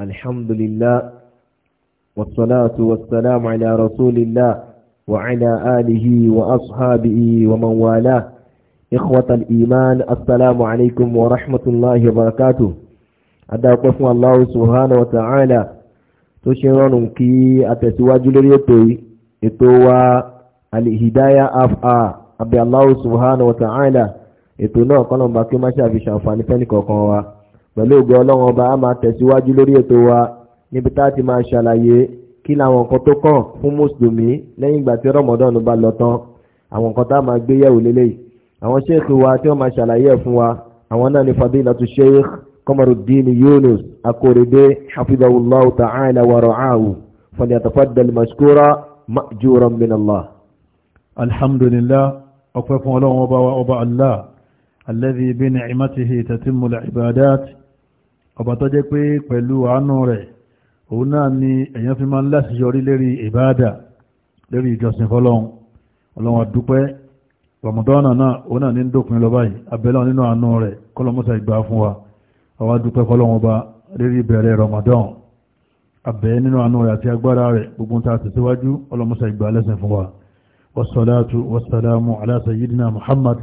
الحمد لله والصلاة والسلام على رسول الله وعلى آله وأصحابه ومن والاه إخوة الإيمان السلام عليكم ورحمة الله وبركاته أدعوكم الله سبحانه وتعالى تشيرون كي أتسواج لليتوي إتوى الهداية أفعى أبي الله سبحانه وتعالى إتوى نوع قلم باكي ما شافي شافاني فاني pẹ̀lú ògo ọlọ́run ọba a máa tẹ̀síwájú lórí ètò wa níbi tá a ti máa ṣàlàyé kí làwọn nǹkan tó kàn fún mùsùlùmí lẹ́yìn ìgbà tí rọmọdọ́nù bá lọ tán àwọn nǹkan tá a máa gbé yẹ̀wò lélẹ́yìí àwọn sheikh wa tí wọ́n máa ṣàlàyé ẹ̀ fún wa àwọn náà ni fadilatu sheikh Qamaruddin Yunus Akorede hafidhahullahu ta'ala wa ra'ahu falyatafaddal mashkura ma'juran min Allah. alhamdulillah ọpẹ́ fún ọlọ́run ọba ọba allah alladhi bi ni'matihi tatimmu ọba tó jẹ́ pé pẹ̀lú àánú rẹ̀ òun náà ni èyàn fi máa ń láti yọrí lérí ìbáadà lérí ìjọsìn fọ́lọ́hun ọlọ́run àdúpẹ́ rọmọdọ́nà náà òun náà ní ń dópin lọ báyìí abẹ́lọ́ nínú àánú rẹ̀ kọ́lọ́mọ́sà ìgbà fún wa àwa dúpẹ́ fọ́lọ́hun ọba lérí ìbẹ̀rẹ̀ rọmọdọ́n abẹ́ nínú àánú rẹ̀ àti agbára rẹ̀ gbogbo ta ti síwájú ọlọ́mọ́sà ìgbà lẹ́sìn fún wa wasalaatu wasalaamu ala muhammad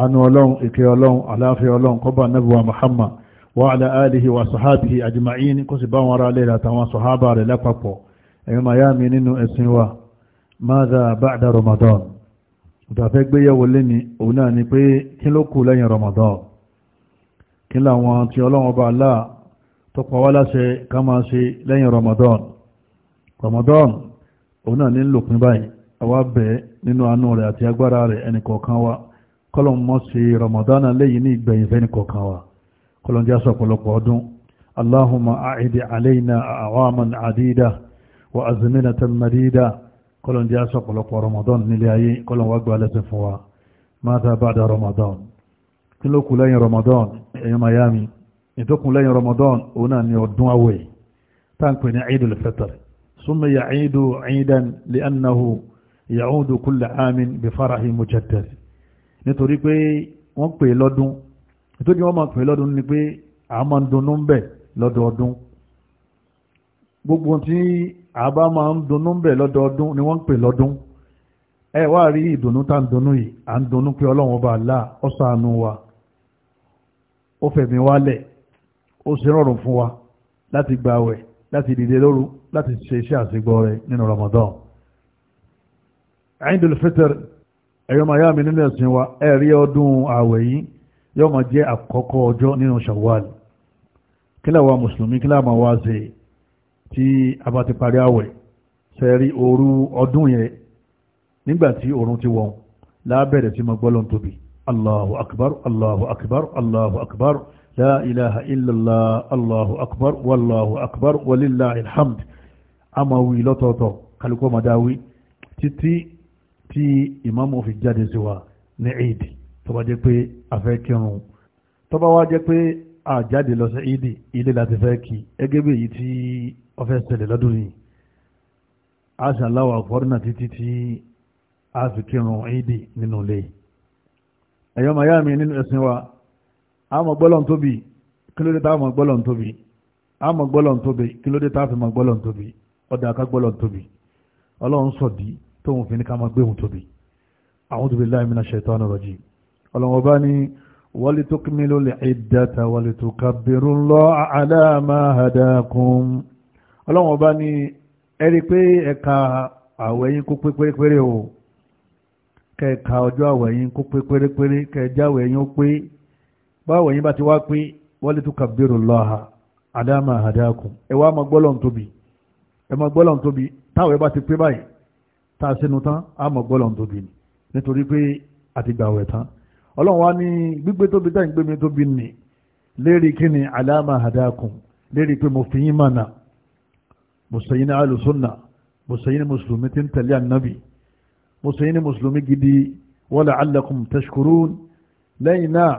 àánú ọlọ́run ìkẹ́ ọlọ́run àláfíà ọlọ́run kọ́bà nabuwa muhammad وعلى آله وصحابه أجمعين كسبا وراء ليلة وصحابة للأقفة أيما يامين إنه إسنوا ماذا بعد رمضان ìtàfẹ́ gbéyẹ̀wò lẹ́ni òun náà ni pé kí ló kù lẹ́yìn Ramadan kí láwọn tí Ọlọ́run bá Allah tó pa wá láṣẹ ká máa ṣe lẹ́yìn Ramadan Ramadan òun náà ní lòpin báyìí àwa bẹ̀ nínú àánú rẹ̀ àti agbára rẹ̀ ẹnìkọ̀ọ̀kan wa kọ́lọ̀ mọ́ sí Ramadan lẹ́yìn ní ìgbẹ̀yìn fẹ́nìkọ̀ọ̀kan wa kọlọ́njá sọ̀pọ̀lọpọ̀ ọdún Allahumma a'idi alaina a'waman adida wa azminatan madida kọlọ́njá sọ̀pọ̀lọpọ̀ Ramadan nílé ayé kọlọ́nwá gba lẹ́sẹ̀ fún wa mata ba'da Ramadan kí ló kù lẹ́yìn Ramadan ẹ̀yọ́ miami ìtòkùn lẹ́yìn Ramadan òun náà ni ọdún àwẹ̀ táǹpì ní Eidul Fitr summa ya'idu 'idan li'annahu ya'udu tó ní wọ́n máa pè lọ́dún ni pé a máa ń dunnú ń bẹ̀ lọ́dọọdún gbogbo tí a bá máa ń dunnú ń bẹ̀ lọ́dọọdún ni wọ́n ń pè lọ́dún ẹ wá rí ìdùnnú tá ń dunnú yìí à ń dunnú pé ọlọ́run ọba Allah ó ṣàánú wa ó fẹ̀mí wálẹ̀ ó ṣe rọrùn fún wa láti gbààwẹ̀ láti dìde lóru láti ṣe iṣẹ́ àṣegbọ́ rẹ nínú Ramadan Eidul Fitr ẹ̀yọ́mọ̀ ayá mi nínú ẹ̀sìn wa ẹ̀rí ọdún ààwẹ̀ yìí yóò máa jẹ́ àkọ́kọ́ ọjọ́ nínú Shawwal kílà wa mùsùlùmí kílà máa wá ṣe tí a bá ti parí àwẹ̀ sẹ́rí òru ọdún yẹn nígbà tí òrùn ti wọ̀n lábẹ̀rẹ̀ tí mo gbọ́ ló ń tóbi Allahu akbar Allahu akbar Allahu akbar la ilaha illallah Allahu akbar wallahu akbar walillahi alhamd a lọ́tọ̀ọ̀tọ̀ kálukọ́ máa títí tí ìmáàmù fi jáde sí wa ní ìdí tó bá jẹ́ pé a fẹ́ kírun tó bá wá jẹ́ pé a jáde lọ sí ìdí ilé láti fẹ́ kí ẹgẹ́ bí èyí tí ó fẹ́ ṣẹlẹ̀ lọ́dún yìí a sì aláwọ̀ àfọ́rínà títí tí a fi kírun ìdí nínú ilé ẹ̀yọ́ màyá mi nínú ẹ̀sìn wa a mọ̀ gbọ́lọ̀ tóbi kí ló dé tá a mọ̀ gbọ́lọ̀ tóbi a mọ̀ gbọ́lọ̀ tóbi kí ló dé tá a fi mọ̀ gbọ́lọ̀ tóbi ọ̀dà ká gbọ́lọ̀ tóbi ọlọ́run sọ̀dí tóun fi ní ká máa gbé òun tóbi a'udhu billahi minash shaitani rajim ọlọ́wọ́ bá ní walitukmilu al-iddata walitukabbiru Allaha ala ma hadakum ọlọ́wọ́ bá ní ẹ̀rí pé ẹ̀ka àwẹ̀yìn kó pé pérépéré o kẹ́ẹ̀ka ọjọ́ àwẹ̀yìn kó pé pérépéré kẹ́ẹ̀já àwẹ̀yìn ó pé báwẹ̀yìn bá ti wá pé walitukabbiru Allaha ala ma hadakum ẹ wá máa gbọ́lọ̀ tóbi ẹ máa gbọ́lọ̀ tóbi táwẹ̀ bá ti pé báyìí tá a sínú tán á máa gbọ́lọ̀ tóbi nítorí pé àtìgbàwẹ̀ tán ọlọ́run wá ní gbígbé tóbi tẹ́ ń gbé mi tóbi nì lérí kí ni àlàmà àdákùn lérí pé mo fi yín mànà mùsùlùmí ní alùsùnà mùsùlùmí ní mùsùlùmí tí ń tẹ̀lé ànábì mùsùlùmí ní mùsùlùmí gidi wọ́lá alákùn tashkurun lẹ́yìn náà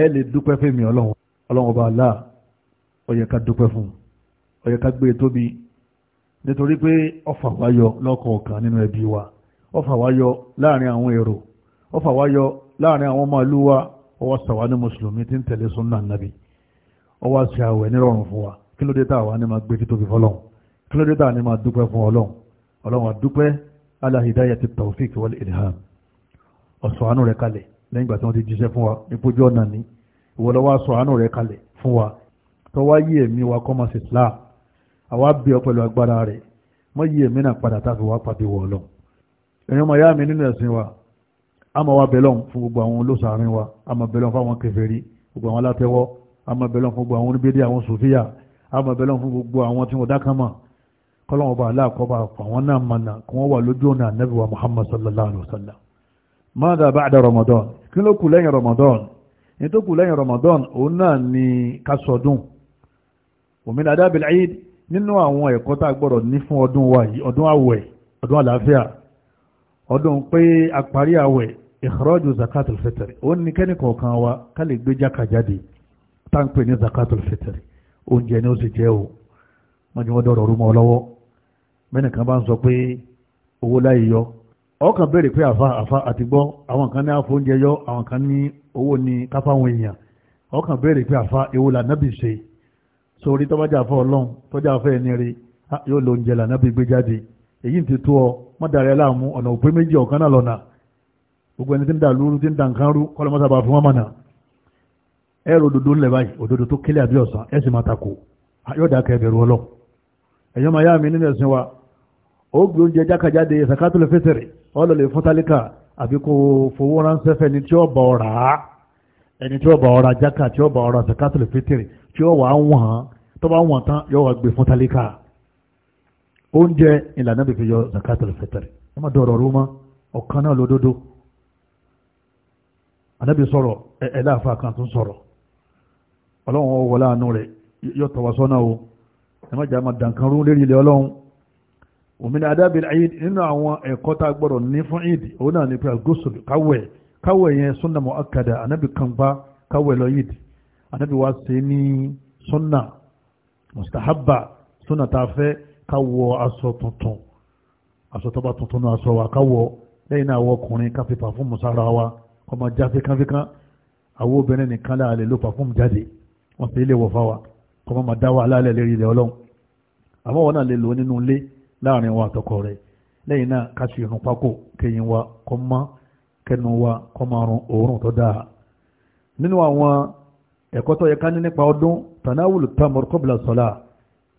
ẹ lè dúpẹ́ fún mi ọlọ́run ọlọ́run ọba àlá ó ká dúpẹ́ fún ó ká gbé e tóbi nítorí pé ó fà lọ́kọ̀ọ̀kan nínú ẹbí wa ó fà láàrin àwọn èrò ó fà wáyọ láàrin àwọn ọmọ ìlú wa ó wá sàwá ní mùsùlùmí tí ń tẹ̀lé súnà nàbì ó sí àwẹ̀ nírọ̀rùn fún wa kí ló dé tá àwa ní máa gbé títóbi fọlọ́hún kí ló dé tá à ní máa dúpẹ́ fún ọlọ́hún ọlọ́hún àdúpẹ́ ala hidayati tawfiq wal ilham ọ̀sọ̀ àánú rẹ̀ kalẹ̀ lẹ́yìn ìgbà tí wọ́n ti jíṣẹ́ fún wa ìpójú ọ̀nà ni ìwọ ló àánú ama wa bẹ̀lọ́n fún gbogbo àwọn olóṣàárín wa àmọ́ bẹ̀lọ́n fún àwọn kèfèrí gbogbo àwọn alátẹ́wọ́ àmọ́ bẹ̀lọ́n fún gbogbo àwọn oníbédé àwọn sòfíà àmọ́ bẹ̀lọ́n fún gbogbo àwọn tí wọ́n dákàmà kọ́lọ́wọ́n bá aláàkọ́bà àwọn náà mọ̀nà kí wọ́n wà lójú ọ̀nà ànábì wa Muhammad sallallahu alayhi wa sallam mada ba'da Ramadan kí ló kù lẹ́yìn Ramadan ní tó kù lẹ́yìn Ramadan òun náà ni ká ṣọdún òmìnira adábìl Eid nínú àwọn ẹ̀kọ́ tá a gbọ́dọ̀ ní fún ọdún wa yìí ọdún àwẹ̀ ọdún àlàáfíà ìkọ́rọ́jù zakatul fitr ó ní kẹ́ni kọ̀ọ̀kan wa ká lè gbé jáka jáde tá ń pè ní zakatul fitr oúnjẹ ni ó sì jẹ́ o wọ́n jẹ́ wọ́n dọ̀rọ̀ rúmọ́ lọ́wọ́ mẹ́nì kan bá ń sọ pé owó láì yọ ọkàn béèrè pé àfa àfa àti gbọ́ àwọn kan ní àfóúnjẹ yọ àwọn kan ní owó ní káfáwọn èèyàn ọkàn béèrè pé àfa ewu lànàbì ṣe sórí tọ́bájà fọ́ ọlọ́run tọ́jà fẹ́ ẹni rí yóò lo oúnjẹ lànàbì gbé jáde èyí ti tó ọ mọ́dàrẹ́ láàmú ọ̀nà òpin méjì ọ̀kan náà lọ́nà gbogbo ẹni tí ń da lóru tí ń da nǹkan rú kọ́lọ́ mọ́sá bá fún wọn mọ̀nà ẹ rò òdodo ńlẹ̀ báyìí òdodo tó kílẹ̀ àbí ọ̀sán ẹ sì máa takò yóò dà kẹ́ bẹ̀rù ọlọ́ ẹ̀yọ́ máa yá mi nínú ẹ̀sìn wa ó gbé oúnjẹ jákàjáde sàkátù lè fẹsẹ̀rì ọlọ́ lè fún tálíkà àbí kò fowó ránṣẹ́ fẹ́ ni tí ó bọ̀ ọ̀rà ẹni tí ó bọ̀ ọ̀rà jákà tí ó bọ̀ ọ̀rà sàkátù lè fẹsẹ̀rì tí ó wà wọ̀n tó bá wọ̀n tán yóò wà gbé fún tálíkà oúnjẹ ìlànà bìbí yọ sàkátù lè fẹsẹ̀rì ẹ má dọ̀rọ̀ rú mọ́ ọ̀kan náà lódodo ànábì sọ̀rọ̀ ẹ̀ẹ́dá àfa kan tún sọ̀rọ̀ ọlọ́run ó wọlé àánú rẹ̀ yóò tọ̀wọ́ sọ́nà o ẹ má jà máa dànkan rú lérí ilẹ̀ ọlọ́run òmìnira adábìn ayid nínú àwọn ẹ̀kọ́ tá a gbọ́dọ̀ ní fún id òun náà ní pé àgọ́sọ̀ káwẹ̀ káwẹ̀ yẹn sunna muakkada ànábì kan bá káwẹ̀ lọ id ànábì wa ṣe ní sunna mustahaba sunna tá a fẹ́ káwọ aṣọ tuntun aṣọ tó bá tuntun náà aṣọ wa káwọ lẹ́yìn náà wọ ọkùnrin káfíńpà fún musara wa kọ́ máa já fíkánfíkán àwọn obìnrin nìkan láàlè ló pàfún jáde wọ́n sì lè wọ̀ fáwa kọ́ máa dá wàhálà lẹ̀ lérí ilẹ̀ ọlọ́run àmọ́ wọn náà lè lò nínú ilé láàrin wa àtọkọ rẹ̀ lẹ́yìn náà ká sì rún pákó kẹyìn wa kọ́ mọ́ kẹnu wa kọ́ máa rún òórùn tó dáa nínú àwọn ẹ̀kọ́ tó yẹ ká ní nípa ọdún tanawulu tamur kọ́bìlà sọ́lá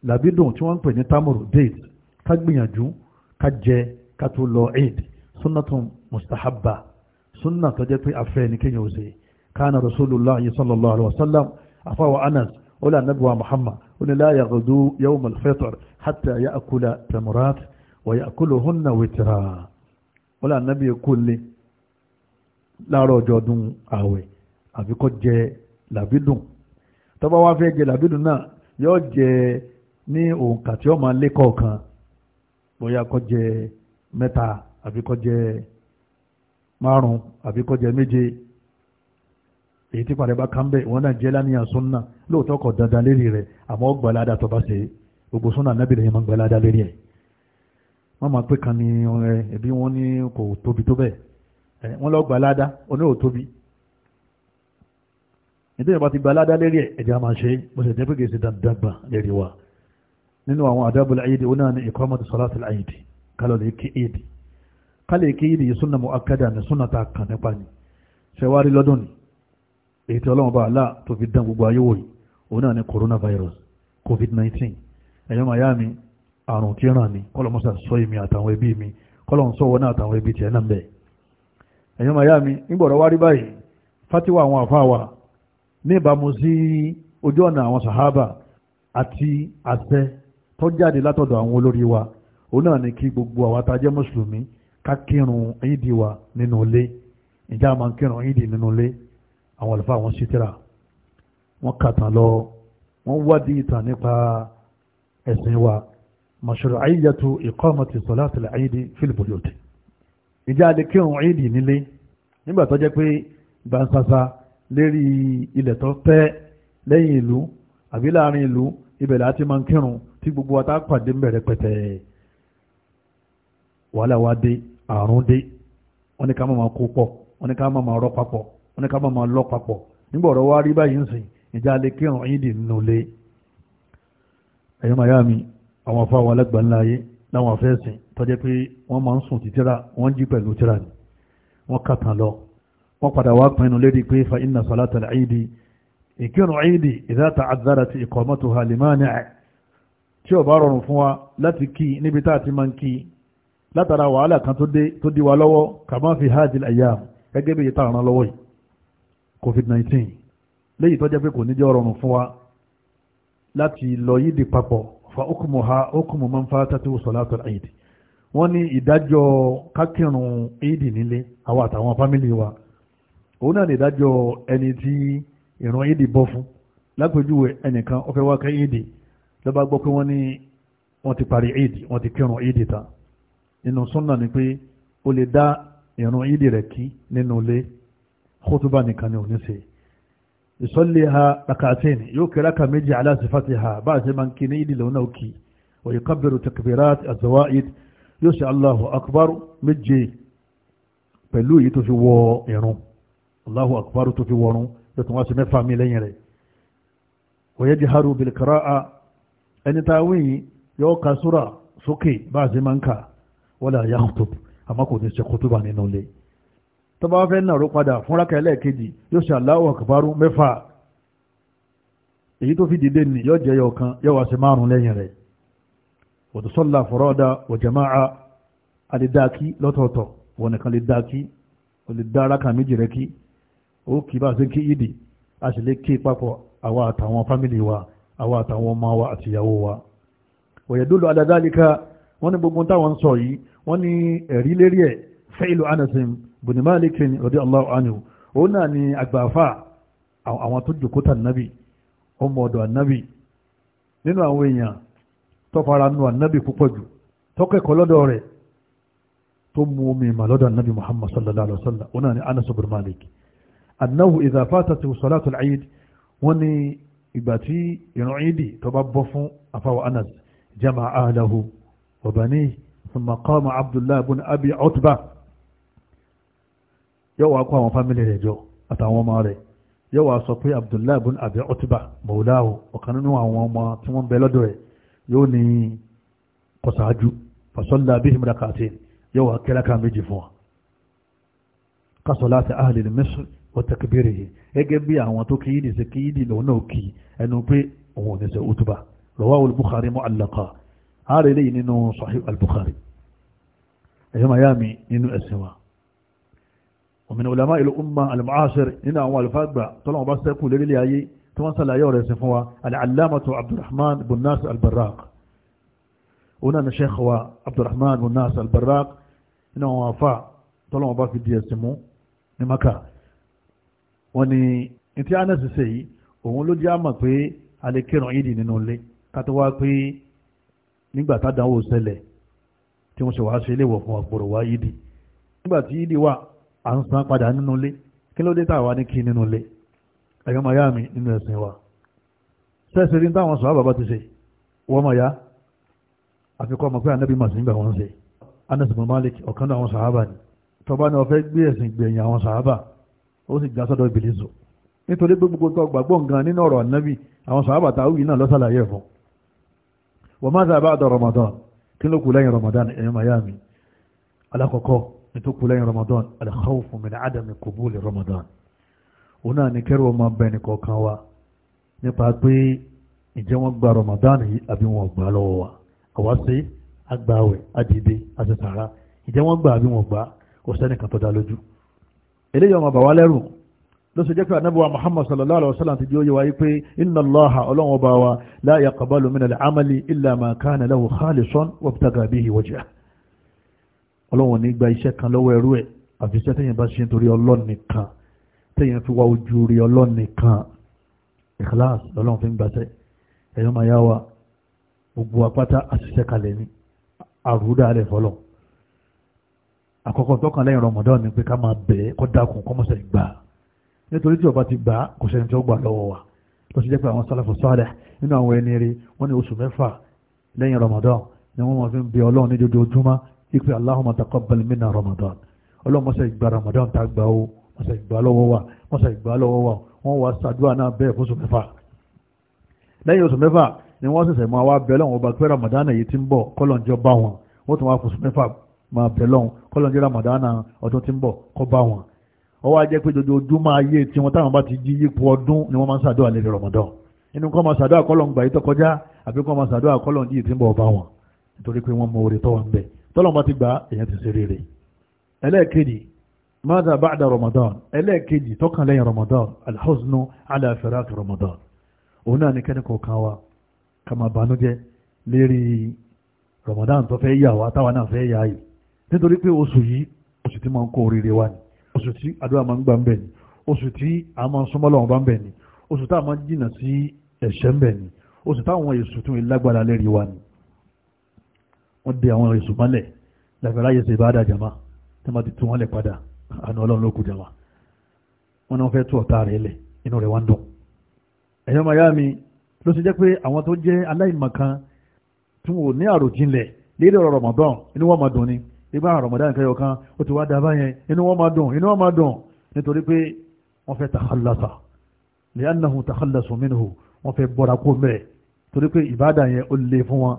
làbídùn tí wọ́n ń pè ní tamur date ká gbìyànjú ká jẹ ká tó lọ eid sunnatun mustahabba súnà tó jẹ́ pé afẹ́ ní kéèyàn ò ṣe kánà rasulullah sallallahu alaihi wasallam afáwọ̀ anas ó lè anábíwá muhammad ó ní la yaghdu yawm al-fitr hatta ya'kula tamurat wa ya'kuluhunna witra ó lè anábíyẹ kó lé láàárọ̀ ọjọ́ ọdún ààwẹ̀ àbíkọ́ jẹ làbídùn tó bá wá fẹ́ jẹ làbídùn náà yóò jẹ ní òǹkà tí ó máa lé kọ̀ọ̀kan bóyá kó jẹ mẹ́ta àbíkọ́ jẹ márùn àbí kó jẹ méje èyí tí pàdé bá kánbẹ̀ ìwọ́n náà jẹ́ lánìyàn súnà lóòótọ́ kọ̀ dandan lérí rẹ̀ àmọ́ gbalada tó bá ṣe gbogbo súnà nábìlẹ̀ yẹn máa gbalada lérí ẹ̀ wọ́n máa pé kan ní ọ̀rẹ́ ẹ̀bí wọ́n ní kò tóbi tó bẹ́ẹ̀ wọ́n lọ gbalada oní ò tóbi nítorí bá ti gbalada lérí ẹ̀ ẹ̀jẹ̀ a máa ṣe bó ṣe jẹ́ kìí ṣe dandan lérí wa nínú àwọn àdábòlá ayédi ó náà ní ìkọ́mọ̀tì sọ́lá kálẹ̀ kí yìí súnà mọ́ akádà ní súnà tá a kàn nípa ni ṣẹwárí lọ́dún ni èyí tí ọlọ́run bá tó fi dán gbogbo ayé wò òun náà ni coronavirus covid-19 ẹ̀yọ́ màyá mi àrùn tí ràn ní kọ́lọ́mọ́sà sọ èmi àtàwọn ẹbí mi kọ́lọ́n sọ̀wọ́ náà àtàwọn ẹbí tiẹ̀ náà bẹ̀ ẹ̀yọ́ màyá mi nígbọ̀rọ̀ wá rí báyìí fatiwa àwọn àfa wa ní ìbámu sí ojú ọ̀nà àwọn sàhábà àti àṣẹ tó jáde látọ̀dọ̀ àwọn olórí wa òun náà ni kí gbogbo àwọn atajẹ́ mùsùlùmí ká kírun ìdí wa nínú ilé ìjà máa ń kírun ìdí nínú ilé àwọn àlùfáà wọn ṣètìrà wọn kàtàn lọ wọn wádìí ìtàn nípa ẹ̀sìn wa mashru'iyyatu iqamati salati al-eid fil buyut ìjà lè kírun ìdí nílé nígbà tó jẹ́ pé gbansasa lérí ilẹ̀ tó pẹ́ lẹ́yìn ìlú àbí láàrin ìlú ibẹ̀ láti máa ń kírun tí gbogbo wa tá a pàdé ń pẹ̀tẹ̀ wàhálà wa dé àrùn dé wọ́n ní ká máa kó pọ̀ wọ́n ní ká máa rọ́ papọ̀ wọ́n ní ká máa lọ́ papọ̀ nígbà ọ̀rọ̀ wa rí báyìí ń sìn ìjà lè kírun yín dì nù lé ẹ̀yọ́ màyá mi àwọn afọ àwọn alágbà ńlá ayé láwọn afẹ́sìn tọ́jẹ́ pé wọ́n máa ń sùn títírà wọ́n jí pẹ̀lú tíra ni wọ́n kàtàn lọ wọ́n padà wá pinnu lédi pé fa inna salata al-eidi ìkírun eidi idha ta'adharat iqamatuha limani' tí ó bá rọrùn fún wa láti kí níbi tá a ti máa ń kí látara wàhálà kan tó dí wa lọ́wọ́ kàmá fi hajj àyà gẹ́gẹ́ bí ìta àrán lọ́wọ́ yìí covid-19 léyìí tó jẹ́ pé kò ní jẹ́ ọ̀rọ̀rùn fún wa láti lọ yídi papọ̀ fa okùnmù ha okùnmù máa ń fa tàbí sọ̀látọ̀ àyèdè wọ́n ní ìdájọ́ kákìrùn ìdì nílé àwọn àtàwọn fámìlì wa òun náà ní ìdájọ́ ẹni tí ìran ìdì bọ́ fún lápèjúwe ẹnìkan ó fẹ́ wá gbọ́ pé wọ́n ní wọ́n ti parí ìdì wọ́n ti kírun ìdì tán nínú súnà ni pé o lè dá ìrun ìdí rẹ̀ kí nínú ilé kótóbá nìkan ni ò ní ṣe ìsọ́lé ha rakatain yóò kí raka méjì aláṣifáti ha bá a ṣe máa ń kí ní ìdí lòun náà kí òye kábẹ̀rù takbirat azawaid yóò ṣe allahu akbar méje pẹ̀lú èyí tó fi wọ ìrun allahu akbar tó fi wọrun yóò tún wá sí mẹ́fà mi lẹ́yìn rẹ̀ òye jaharu bilkara'a ẹni tá a yóò ka súra sókè bá a ṣe máa ń kà wala yakhutub àmọ́ kò ní ṣe kútúbà nínú ilé tó bá fẹ́ nàró padà fúnra kẹlẹ́ kejì yóò ṣe Allahu akbaru mẹ́fà èyí tó fi dìde nì yóò jẹ́ yọ kan yóò wá sí márùn lẹ́yìn rẹ̀ òtúsọ́lá furada wa jama'a àdídáàkí lọ́tọ̀ọ̀tọ̀ wọn nìkan lè dáàkí o lè dá arákà méjì rẹ̀ kí ó kì bá sí kí ìdì a sì lè kí papọ̀ àwa àtàwọn fámìlì wa àwa àtàwọn ọmọ wa àtìyàwó wa wa yadullu ala wọ́n ní gbogbo táwọn sọ yìí wọ́n ní ẹ̀rí lérí ẹ̀ fẹ́ìlú anasim bin Malik radi Allahu anhu òun náà ni àgbààfà àwọn tó jòkóta nàbì ọmọ ọ̀dọ̀ ànábì nínú àwọn èèyàn tó fara nu ànábì púpọ̀ jù tó lọ́dọ̀ rẹ̀ tó mú omi ìmà lọ́dọ̀ ànábì Muhammad sallallahu alaihi wa sallam òun náà ni Anas وبنيه ثم قام عبد الله بن أبي عتبة يوى أقوى وفاملي رجو أتعوى ماري يوى صفي عبد الله بن أبي عتبة مولاه وكانوا وما تمام بلدوه يوني قصاجو فصلى بهم ركعتين يوى كلا كان بيجي كصلاة أهل مصر وتكبيره gẹ́gẹ́ bí àwọn tó kí yìí ní ṣe kí yìí ní رواه البخاري معلقا ààrẹ lè nínú Sahih al-Bukhari ẹ̀yọ́ miami nínú ẹ̀sìn wa òmìnira ulama ìlú umma al-mu'asir nínú àwọn alifagba tọ́lọ́wọ́ bá sẹ́kù lérílẹ̀ ayé tí wọ́n sàlàyé ọ̀rẹ́ sí fún wa al'alamatu abdulrahman bin nasir al-barraq ona na sheikh wa abdulrahman bin nasir al-barraq nínú àwọn afa tọ́lọ́wọ́ bá fi díẹ̀ sí mú ní maka wọ́n ni ìtí anẹ́sì sẹ́yìn òun ló jẹ́ àmà pé alẹ́kẹ́rùn yìí nínú ilé kátó wá pé nígbà tádàwò ṣẹlẹ̀ tí wọ́n ṣe wá ṣe léwọ̀ fún àpòrò wá yídi nígbà tí yídi wà à ń san padà nínú ilé kí ló dé tàwa ní kí nínú ilé ẹ̀yọ́ máa yá mi nínú ẹ̀sìn wa sẹ́ẹ̀sì rí táwọn sọ̀rọ̀ bàbá ti ṣe wọ́n máa yá àfikọ́ ọmọ pé ànábì màsí nígbà wọn ṣe Anas bin Malik ọ̀kan náà àwọn sàhábà ni tọ́ba ni wọ́n fẹ́ gbé ẹ̀sìn gbẹ̀yìn àwọn sàhábà ó sì já sọ́dọ̀ Ìbílísù nítorí gbogbo tó gbàgbọ́ nǹkan nínú ọ̀rọ̀ ànábì àwọn sàhábà táwí náà lọ́sàlàyé fún wọ́n máa zàbá àdọ̀ Ramadan kí ló kù lẹ́yìn Ramadan ẹ̀yọ́ miami alákọ̀ọ́kọ́ ní tó kù lẹ́yìn Ramadan al-khawfu min adami qubuli Ramadan òun náà ní kẹ́rù ọmọ bẹ́ẹ̀ ní kọ̀ọ̀kan wa nípa pé ìjẹ́ wọ́n gba Ramadan yìí àbí wọn gbà lọ́wọ́ wa àwa sí agbáwẹ̀ adìde àtẹ̀tàrà ìjẹ́ wọ́n gbà àbí wọn gbà kò sẹ́nìkan tó dá lójú eléyìí ọmọ bàwá lẹ́rù ló ṣe jẹ́ pé anábíwá muhammad sallallahu alaihi wasallam ti jẹ́ oyè wáyé pé inna allaha ọlọ́run ọba wa la yaqbalu min al-amali illa ma kana lahu khalisan wabtaga bihi wajhah ọlọ́run ní gba iṣẹ́ kan lọ́wọ́ ẹrú ẹ̀ àfi iṣẹ́ tẹ̀yìn bá ṣe nítorí ọlọ́run nìkan tẹ̀yìn fi wá ojú rí ọlọ́run nìkan ikhlas lọ́lọ́run fi ń gbàṣẹ́ ẹ̀yọ́ máa yá wa gbogbo apáta àṣìṣe kalẹ̀ ní àrùdá alẹ́ fọlọ́ àkọ́kọ́ tọ́kàn lẹ́yìn ni pé ká máa bẹ̀ẹ́ kó dákun kó mọ̀ṣẹ́ nítorí tí ọba ti gbà kò sẹ́ni tí ó gbà lọ́wọ́ wa tó ti jẹ́ pé àwọn sálàfù sálẹ̀ nínú àwọn ẹni rí wọ́n ní oṣù mẹ́fà lẹ́yìn Ramadan ni wọ́n máa fi ń bẹ ọlọ́run ní dojoojúmọ́ ipe Allahumma taqabbal minna Ramadan ọlọ́run mọ́sẹ̀ ìgbà Ramadan tá gbà ó mọ́sẹ̀ ìgbà lọ́wọ́ wa mọ́sẹ̀ ìgbà lọ́wọ́ wa wọ́n wá sàdúrà náà bẹ́ẹ̀ fóṣù mẹ́fà lẹ́yìn oṣù mẹ́fà ni wọ́n ṣẹ̀ṣẹ̀ máa wá bẹ ọlọ́run ọba pé Ramadan yìí ti ń bọ̀ kọ́lọ́njọ́ bá wọn wọ́n tún wá fóṣù mẹ́fà máa bẹ ọlọ́run kọ́lọ́njọ́ Ramadan ọdún ti ń bọ̀ kọ́ bá wọn ó wá jẹ́ pé dojoojúmọ́ ayé tí wọ́n táwọn bá ti jí yípo ọdún ni wọ́n máa ń ṣàdúrà lè Ramadan inú kọ́ máa ṣàdúrà kọ́lọ̀ ń gbà yìí tó kọjá àbí kọ́ máa ṣàdúrà kọ́lọ̀ ń yìí tí ń bọ̀ bá wọn nítorí pé wọ́n mọ orí tọ́wọ́ ń bẹ̀ tọ́lọ́ bá ti gbà èèyàn ti ṣe rere ẹlẹ́ẹ̀kejì mada ba'da Ramadan ẹlẹ́ẹ̀kejì tọ́kàn lẹ́yìn Ramadan alhuznu ala firaq Ramadan òun náà Ramadan tó fẹ́ yà wá táwa náà fẹ́ yà yìí nítorí oṣù tí àdúrà máa ń gbà ń bẹ̀ ni oṣù tí a máa ń súnmọ́ Ọlọ́run bá ń bẹ̀ ni oṣù tá a máa ń jìnnà sí ẹ̀ṣẹ̀ ń bẹ̀ ni oṣù táwọn èṣù tún lágbára lérí wa ni wọ́n dé àwọn èṣù mọ́lẹ̀ làbẹ̀rẹ̀ ayé ṣe bá dà jàmá tí wọ́n ti tún wọn lẹ̀ padà àná Ọlọ́run ló kù jama, wọn náà fẹ́ tú ọ̀tá rẹ̀ lẹ̀ inú rẹ̀ wá ń dùn ẹ̀yọ́ mayami ló ṣe jẹ́ pé àwọn tó jẹ́ aláìmọ̀kan tí wọn ní àròjinlẹ̀ lérí ọ̀rọ̀ Ramadan inú wọn máa dùn ni ibà Ramadan kẹyọ kan ó ti wá da báyẹn inú wọn máa dùn inú wọn máa dùn nítorí pé wọ́n fẹ́ takhallasa li'annahum takhallasu minhu wọ́n fẹ́ bọ́ra kó mẹ́ẹ̀ torí pé ìbáàdà yẹn ó le fún wọn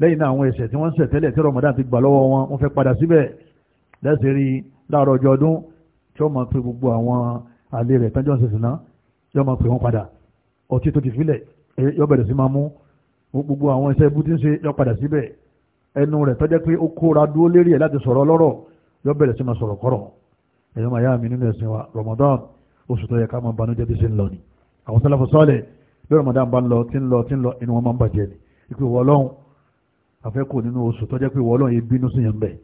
lẹ́yìn náà àwọn ẹ̀ṣẹ̀ tí wọ́n ń ṣẹ̀ tẹ́lẹ̀ tí Ramadan ti gbà lọ́wọ́ wọn wọ́n fẹ́ padà síbẹ̀ lẹ́sẹ̀ rí láàárọ̀ ọjọ́ ọdún tí ó máa pe gbogbo àwọn àlè rẹ̀ tẹ́jọ́ ṣẹ̀ṣẹ̀ ẹnu rẹ̀ tọ́jẹ́ pé ó kóra dúró lérí ẹ̀ láti sọ̀rọ̀ lọ́rọ̀ yọ bẹ̀rẹ̀ sí máa sọ̀rọ̀ kọ́rọ̀ ẹ̀yọ́ máa yá mi nínú ẹ̀sìn wa Ramadan oṣù tó yẹ ká máa banújẹ́ bí ṣe ń lọ ni àwọn sálàfù sọ́ọ̀lẹ̀ bí Ramadan bá ń lọ tí ń lọ tí ń lọ inú wọn máa ń bàjẹ́ ni ìpè wọlọ́hún àfẹ́kù nínú oṣù tọ́jẹ́ pé wọlọ́hún ebínú sí yẹn bẹ̀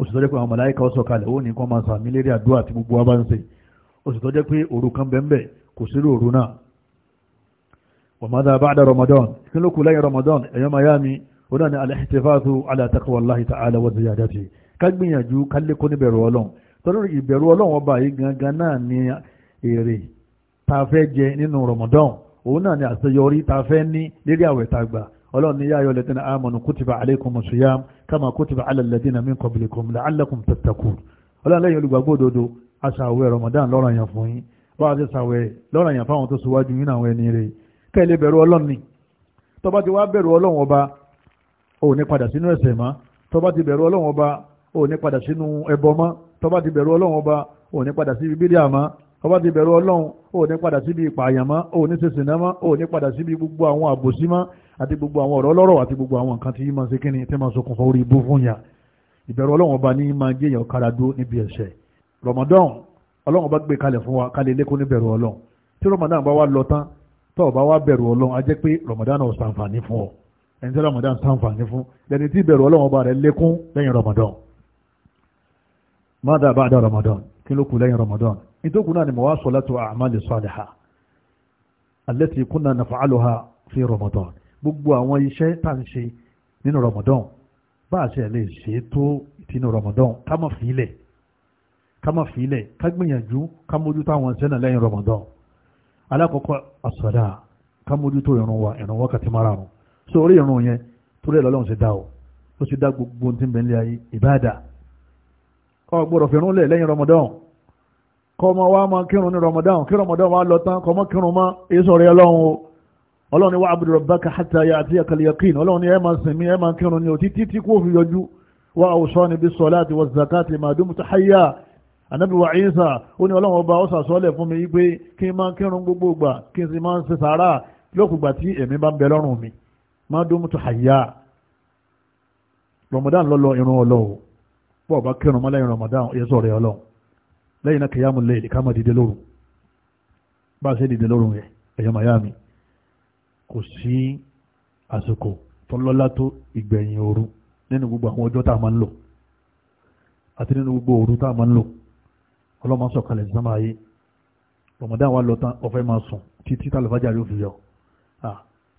oṣù tọ́jẹ́ pé àwọn màláìka ọ̀sọ̀ kalẹ̀ ó ní kọ́ máa sàmì lérí àdúrà àti gbogbo wa bá ń ṣe oṣù tọ́jẹ́ pé Ramadan kí Ramadan ẹ̀yọ́ máa ó náà ni alẹ́hìntẹ́fàáṣù ala taqwallahi ta'ala wa ziyadati ká gbìyànjú ká lékún níbẹ̀rù ọlọ́run torí ìbẹ̀rù ọlọ́run ọba yìí gangan náà ni èrè ta fẹ́ jẹ nínú Ramadan òun náà ni àṣeyọrí ta fẹ́ ní lérí àwẹ̀ ta gbà ọlọ́run ní yáyọ lẹ́dínà amanu kutiba alaykum siyam kama kutiba ala alladhina min qablikum la'allakum tattaqun ọlọ́run lẹ́yìn olùgbàgbọ́ òdodo aṣàwẹ̀ Ramadan lọ́rọ̀ yẹn fún yín bá a ṣe ṣàwẹ̀ lọ́rọ̀ yẹn fáwọn tó ṣíwájú yín àwọn ẹni rẹ̀ kẹ́lẹ́ bẹ̀rù ọlọ́run ni tó bá ti wá bẹ̀rù ọlọ́run ọba ò ní padà sínú ẹ̀ṣẹ̀ mọ́ tó bá ti bẹ̀rù ọlọ́run ọba ò ní padà sínú ẹbọ mọ́ tó bá ti bẹ̀rù ọlọ́run ọba ò ní padà síbi bídíà mọ́ tó bá ti bẹ̀rù ọlọ́run ò ní padà síbi ìpààyàn mọ́ ò ní ṣèṣìnà mọ́ ò ní padà síbi gbogbo àwọn àbòsí mọ́ àti gbogbo àwọn ọ̀rọ̀ ọlọ́rọ̀ àti gbogbo àwọn nǹkan tí máa ṣe kíni tí máa ṣokùnfà orí ibú fún yà ìbẹ̀rù ọlọ́run ọba ní máa jẹ́ èèyàn kára dó níbi ẹ̀ṣẹ̀ Ramadan ọlọ́run ọba gbé kalẹ̀ fún wa kálẹ̀ lẹ́kọ́ níbẹ̀rù ọlọ́run tí Ramadan bá wá lọ tán tó bá wá bẹ̀rù ọlọ́run á jẹ́ pé Ramadan náà ṣàǹfààní fún ọ ẹni tí ramadan sànfàní fún lẹni tí ìbẹ̀rù ọlọ́wọ́n bá rẹ̀ lékún lẹ́yìn ramadan mada ba'da ramadan kí ló kù lẹ́yìn ramadan ìdókun náà ni muwasalatu a'mali salihah allati kunna naf'aluha fi ramadan gbogbo àwọn iṣẹ́ tá à ń ṣe nínú ramadan bá a ṣe lè ṣe tó tinú ramadan ká má fi ilẹ̀ ká má fi ilẹ̀ ká gbìyànjú ká mójú táwọn ṣẹ́ lẹ́yìn ramadan alákọ̀ọ́kọ́ àsọ̀dá ká mójú tó ìrun wa ìrun márùn-ún so orí ìrun yẹn torí ẹ̀ lọ́lọ́run ṣe dá o ó ṣe dá gbogbo ohun tí ń bẹ nílé ayé ìbáàdà kọ́ gbọ́dọ̀ fi irun lẹ̀ lẹ́yìn Ramadan kọ́ ọmọ wa máa kírun ní Ramadan kí Ramadan wa lọ tán kọ́ ọmọ kírun mọ́ èso rẹ̀ ọlọ́run o ọlọ́run ni wà abudu rabbaka hatta ya'tiyaka al-yaqin ọlọ́run ni ẹ máa sìn mí ẹ máa kírun ní òtí títí kó fi yọjú wa awsani bis-salati waz-zakati ma dumtu hayya ànábì wa Ìsá ó ní ọlọ́run ọba ó sàsọ́lẹ̀ fún mi yí pé kí n máa kírun gbogbo ìgbà kí n sì máa ń ṣe sàárà lókùgbà tí èmi bá ń bẹ lọ́rùn mi máa dó mútu àyà Ramadan lọ́lọ́ irun ọlọ́wọ́ bọ́ ọba kírun mọ́ lẹ́yìn Ramadan yẹ́sọ̀ rẹ̀ ọlọ́wọ́ lẹ́yìn náà kìyàmù lẹ́yìn ká máa dìde lóru bá a ṣe dìde lóru yẹn ẹ̀yọ́ miami kò sí àsìkò tọ́lọ́lá tó ìgbẹ̀yìn òru nínú gbogbo àwọn ọjọ́ tá a máa ń lò àti nínú gbogbo òru tá a máa ń lò ọlọ́mọ sọ̀kalẹ̀ sí sámáyé Ramadan wa lọ tán ọ̀fẹ́ máa sùn títí tàlùfájà yóò fi yọ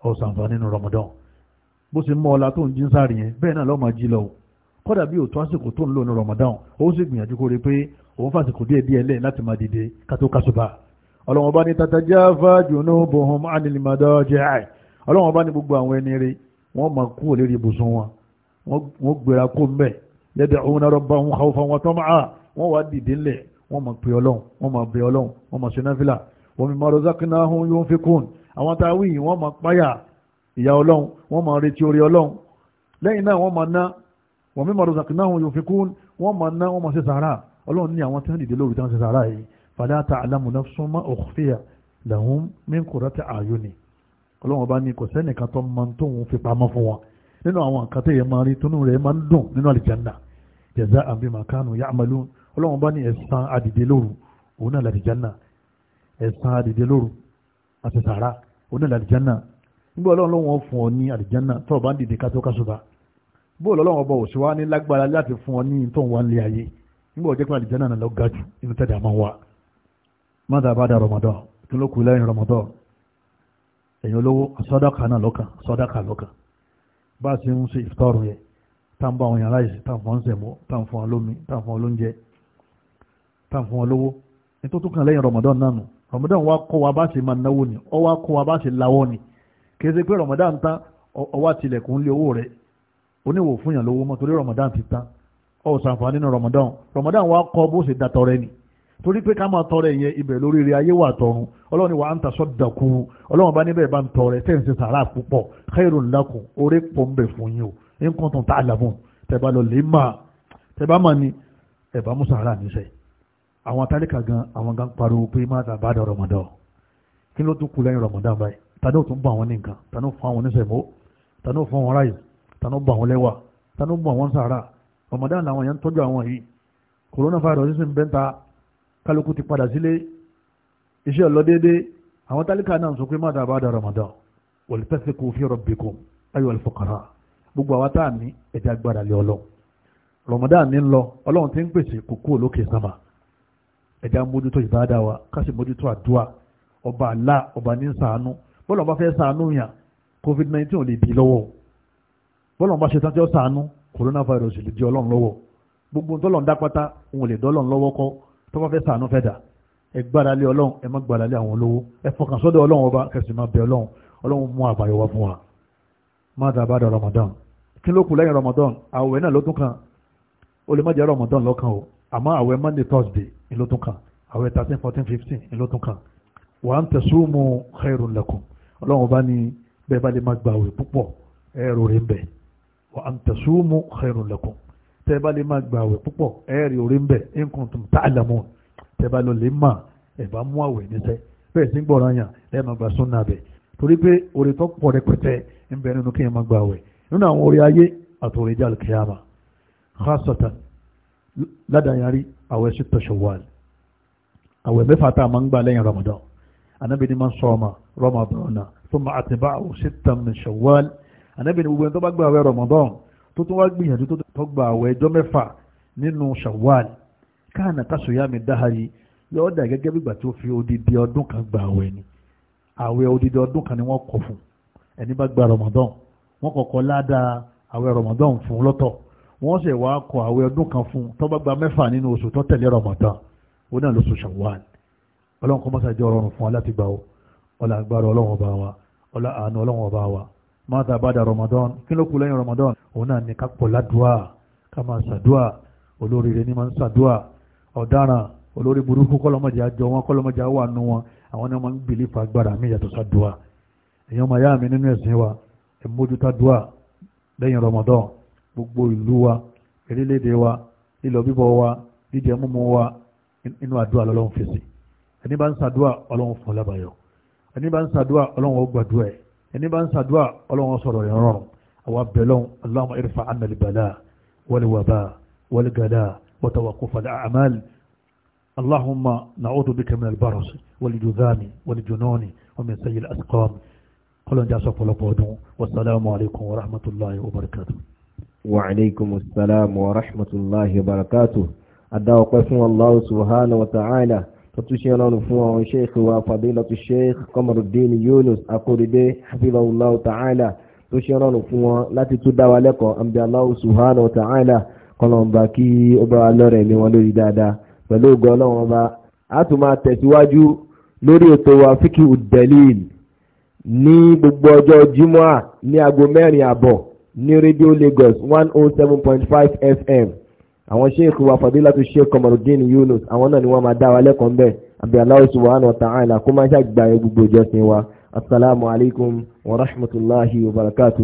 ọ̀sànfà nínú Ramadan bó ṣe mọ́ ọlá tó ń jí ń sáré yẹn bẹ́ẹ̀ náà lọ́mọ jí lọ o kódà bí òtún àsìkò tó ń lò ní Ramadan ó sì gbìyànjú kó rí pé òun fàsìkò díẹ̀ díẹ̀ lẹ́ẹ̀ láti máa dìde kátó kásùbà ọlọ́wọ́n bá ní tatajafa junubuhum anil madaji'i ọlọ́wọ́n bá ní gbogbo àwọn ẹni rí wọ́n máa kú òlérí ibùsùn wọn wọ́n gbéra kó mbẹ́ yad'una rabbahum khawfan wa tam'a wọ́n wá dìde ńlẹ̀ wọ́n máa ìyá ọlọ́run wọ́n máa retí orí ọlọ́run lẹ́yìn náà wọ́n máa ná wọ́n mímọ́ ọdún sàkínà wọn yóò fi kún wọ́n máa ná wọ́n máa ṣe sàárà ọlọ́run ní àwọn tí wọ́n dìde lórí tí wọ́n ṣe sàárà yìí fala ta'lamu nafsun ma ukhfiya lahum min qurrati a'yuni ọlọ́run bá ní kò sẹ́nìkan tó máa ń tóun fi pamọ́ fún wọn nínú àwọn nǹkan tó yẹ máa rí tónú rẹ̀ máa ń dùn nínú àlìjánná jaza'an bima kanu ya'malun ọlọ́run bá ní ẹ̀san àdìde lóru òun náà làlìjánná ẹ̀san àdìde lóru àti sàárà òun náà làlìjánná nígbà ọlọ́run lọ́wọ́ fún ọ ní àlìjánná tó o bá ń dìde ká tó kásùbà bó o lọ́wọ́ ọba òṣèwá ní lágbára láti fún ọ ní tó ń wá ń lé ayé nígbà ọjọ́ pé àlìjánná náà lọ ga jù inú tẹ̀dá máa wà mọ́tà àbádà rọmọdán tó ló kù lẹ́yìn rọmọdán èyàn olówó sọ́dáka náà lọ́kàn sọ́dáka lọ́kàn bá a ṣe ń ṣe ìfitọ́rù yẹn tá bá àwọn yàrá ìsìn kìí pé Ramadan tán ọwọ́ tilẹ̀kùn lé owó rẹ̀ oníwò fún yàn lówó mọ́ torí Ramadan ti tán ọ̀ sàǹfààní nínú Ramadan Ramadan wa kọ́ bó ṣe dàtọ̀ rẹ ni torí pé ká máa tọrẹ yẹn ibẹ̀ lórí rẹ ayé wà tọrun ọlọ́run ni wà á ń tasọ́ dàkú ọlọ́run bá níbẹ̀ bá ń tọrẹ tẹ́ ń ṣe sàrà púpọ̀ khairun lakum orí pọ̀ ń bẹ̀ fún yín o in kuntum ta'lamun tẹ̀bá lọ lè máa tẹ̀bá máa ní ẹ̀bá mú sàrà níṣẹ́ àwọn atálíkà gan àwọn gan pariwo pé má ta bá dà Ramadan kí ló tún kú lẹ́yìn Ramadan báyìí tani ó tún bọ àwọn ní nǹkan tani ó fún àwọn oníṣẹ̀mó tani ó fún àwọn ráyè tani ó bọ àwọn lẹ́wà tani ó bọ àwọn sàrà Ramadan làwọn yẹn ń tọ́jú àwọn yìí coronavirus sì ń bẹ́ ń ta kálukú ti padà sílé iṣẹ́ ọlọ́dẹ́dẹ́ àwọn tálíkà náà sọ pé má dàbá da Ramadan wal-tasiqu fi rabbikum ayyuhal fuqara gbogbo àwa tá ẹ̀jẹ̀ agbára lé ọlọ́ Ramadan ní lọ ọlọ́run ti ń pèsè kókó olókè sábà ẹ̀jẹ̀ amójútó ìbáadá wa ká sì mójútó àdúrà ọba àlá ọba ní sàánú bọ́lọ̀ bá fẹ́ sànú yàn covid nineteen ò lè dì lọ́wọ́ bọ́lọ̀ bá ṣe tán tí ó sànú coronavirus lè di ọlọ́run lọ́wọ́ gbogbo tọ́lọ̀ ń dápátá òun lè dọ́lọ́run lọ́wọ́ kọ́ tó bá fẹ́ sànú fẹ́ dà ẹ gbára lé ọlọ́run ẹ má gbára lé àwọn olówó ẹ fọkàn sọ́dọ̀ ọlọ́run ọba kẹsì máa bẹ ọlọ́run ọlọ́run mú àbáyọ wá fún wa má dábàá da ramadan kí ló kù lẹ́yìn ramadan àwẹ̀ náà ló tún kàn lè má jẹ́ ramadan lọ́kàn o àmọ́ àwẹ̀ monday thursday ni ló tún àwẹ̀ thirteen fourteen fifteen ni ló tún kàn wa an tasumu khairun lakum ọlọ́run bá ní bẹ́ẹ̀ bá lè máa gbàwẹ̀ púpọ̀ ẹ̀rù rẹ̀ ń bẹ̀ wa an tasumu khairun lakum tẹ́ bá lè máa gbàwẹ̀ púpọ̀ ẹ̀rù rẹ̀ ń bẹ̀ in kuntum ta'lamun tẹ́ bá lọ lè mà ẹ̀ bá mú àwẹ̀ níṣẹ́ bẹ́ẹ̀ sí gbọ́ra yàn ẹ̀ máa gbà súnà bẹ̀ torí pé orí tó pọ̀ rẹpẹtẹ ń bẹ nínú kéèyàn máa gbàwẹ̀ nínú anábì ní máa ń sọ ọmọ rọmọ àbọ̀nà tó máa àtìbá àwọn sítà min Shawwal anábì ní gbogbo ẹni tó bá gba àwẹ̀ Ramadan tó tún wá gbìyànjú tó gba àwẹ̀ ẹjọ́ mẹ́fà nínú Shawwal káànà kásòyà mi dáhàrí yóò dà gẹ́gẹ́ bígbà tí ó fi odidi ọdún kan gba àwẹ̀ ni àwẹ̀ odidi ọdún kan ni wọ́n kọ fún ẹni bá gba Ramadan wọ́n kọ́kọ́ ládàá àwẹ̀ Ramadan fún lọ́tọ̀ wọ́n sì wá kọ àwẹ̀ ọdún kan fún tó bá gba mẹ́fà nínú oṣù tó tẹ̀lé Ramadan ó náà lóṣù Shawwal ọlọ́run kọ́ mọ́sá jẹ́ ọrọ̀rùn fún wa láti gbà ó ọlá agbára ọlọ́run ọba wa ọlá àánú ọlọ́run ọba wa mọ́tà bá da Ramadan kí ló kù lẹ́yìn Ramadan òun náà ní kápọ̀ ládùá ká máa ṣàdúà olóríire ní máa ń ṣàdúà ọ̀daràn olórí burúkú kọ́lọ́mọdé àjọ wọn kọ́lọ́mọdé àwọn àánú wọn àwọn náà máa ń gbìlì fa agbára mi yàtọ̀ ṣàdúà èèyàn máa yá mi nínú ẹ̀sìn wa ẹ̀mójútàdúà lẹ́yìn Ramadan gbogbo ìlú wa erélédè wa lílọ bíbọ̀ wa jíjẹ múmu wa inú àdúà lọ́lọ́run fèsì ẹni bá ń sàdúà ọlọ́run fún ọlábàyọ ẹni bá ń sàdúà ọlọ́run ó gbàdúà ẹ ẹni bá ń sàdúà ọlọ́run sọ̀rọ̀ ẹ̀ rọrùn àwọn abẹ́lọ́n allahumma irfa anna al-bala wal-waba wal-gala wa tawaqquf al-a'mal allahumma na'udhu bika min al-baras wal-judhami wal-jununi wa min sayyi al-asqam kọlọ́n jásọ pọ̀lọpọ̀ ọdún wasalaamu alaykum wa rahmatulahi wa barakatu. wa alaykum salaam wa rahmatulahi wa barakatu. adáwọ̀pẹ́ fún allahu subhanahu wa ta'ala tọ́túnṣe ọlọ́run fún àwọn sheikh wa fadilatu sheikh Qamaruddin Yunus Akorede hafizahullahu ta'ala tó ṣe ọlọ́run fún wọn láti tún dá wa lẹ́kọ̀ọ́ àmì Allahu subhanahu ta'ala kọlọ̀mbà kí ó bá lọ́rẹ̀ ní wọn lórí dáadáa pẹ̀lú ògo ọlọ́run ọba a tún máa tẹ̀síwájú lórí ètò wa fíkì udelil ní gbogbo ọjọ́ jimoh ní aago mẹ́rin àbọ̀ ní rédíò Lagos one oh seven point five FM àwọn sheikh wa fadilatu sheikh Kamaruddin Yunus àwọn náà ni wọ́n máa dá wa lẹ́kọ̀ọ́ ń bẹ̀ subhanahu wa ta'ala kó máa ṣàgbà gbogbo ìjọsìn wa asalaamu alaykum wa rahmatulahi wa barakatu.